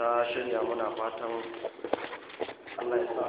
ta shirya muna fatan Allah ya sa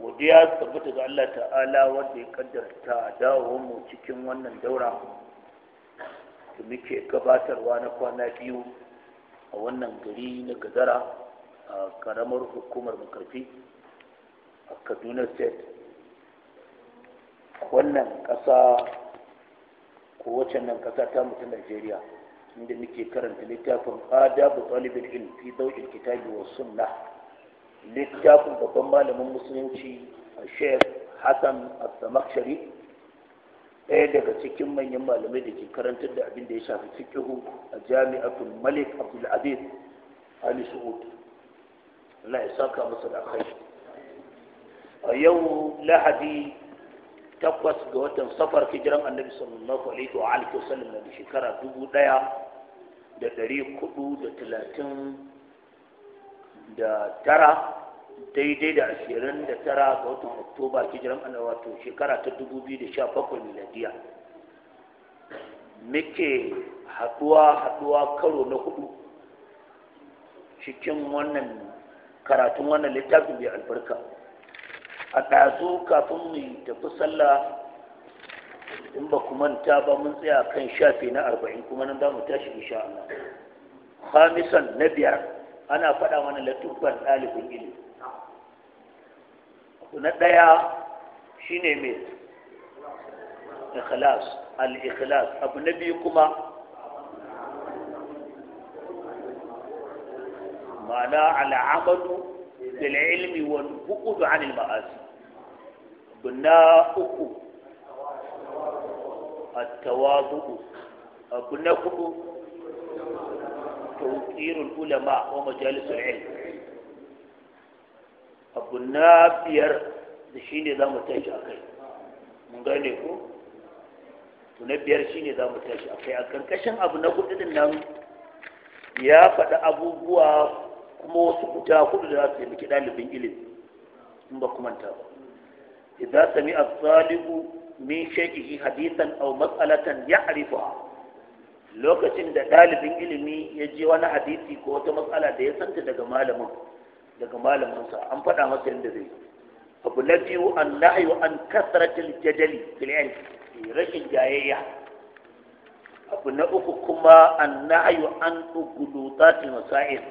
godiya tabbata ga Allah ta'ala wanda ya kaddarta dawo mu cikin wannan daura da muke gabatarwa na kwana biyu a wannan gari na gazara a karamar hukumar makarfi a kaduna state wannan ƙasa ko wacce nan ƙasa ta mutu najeriya inda muke karanta littafin adabu talibin ilm fi daukin kitabi wa sunnah littafin babban malamin musulunci a sheikh hassan al-samakshari ɗaya daga cikin manyan malamai da ke karantar da abin da ya shafi fikihu a jami'atul malik abdulaziz ali su'ud Allah ya saka masa da kai a yau lahadi takwas ga watan safar hijiran annabi sallallahu alaihi wa alihi wasallam na shekara dubu ɗaya da ɗari kuɗu da talatin da tara daidai da ashirin da tara ga watan oktoba hijiran ana wato shekara ta dubu biyu da sha bakwai miladiya muke haɗuwa haɗuwa karo na hudu cikin wannan karatun wannan littafin mai albarka a ɗazu kafin mu tafi sallah in ba manta ba mun tsaya kan shafe na arba'in kuma nan za mu tashi insha Allah Hamisan na biyar ana faɗa mana latubban ɗalibin ilimi abu na ɗaya shine mai al-ikhlas abu na biyu kuma ma'ana al'amadu bil ilmi wani bu'd 'an ma'azi. maasi abu na uku at-tawadu abu na hudu تطير العلماء ومجالس العلم abu na biyar da shi ne za mu tashi a kai mun gane ko to na biyar shi ne za mu tashi a kai a karkashin abu na hudu din nan ya faɗi abubuwa kuma wasu guda hudu da za su miki ɗalibin ilimi in ba kuma ta ba idan sami as-salihu min shay'ihi hadithan aw mas'alatan ya'rifuha lokacin da ɗalibin ilimi ya je wani hadisi ko wata matsala da ya santa daga malamin daga malaminsa an faɗa masa yadda zai abu na biyu an nahyu an kasratil jadali fil rashin jayayya abu na uku kuma an nahyu an ugulutatil masail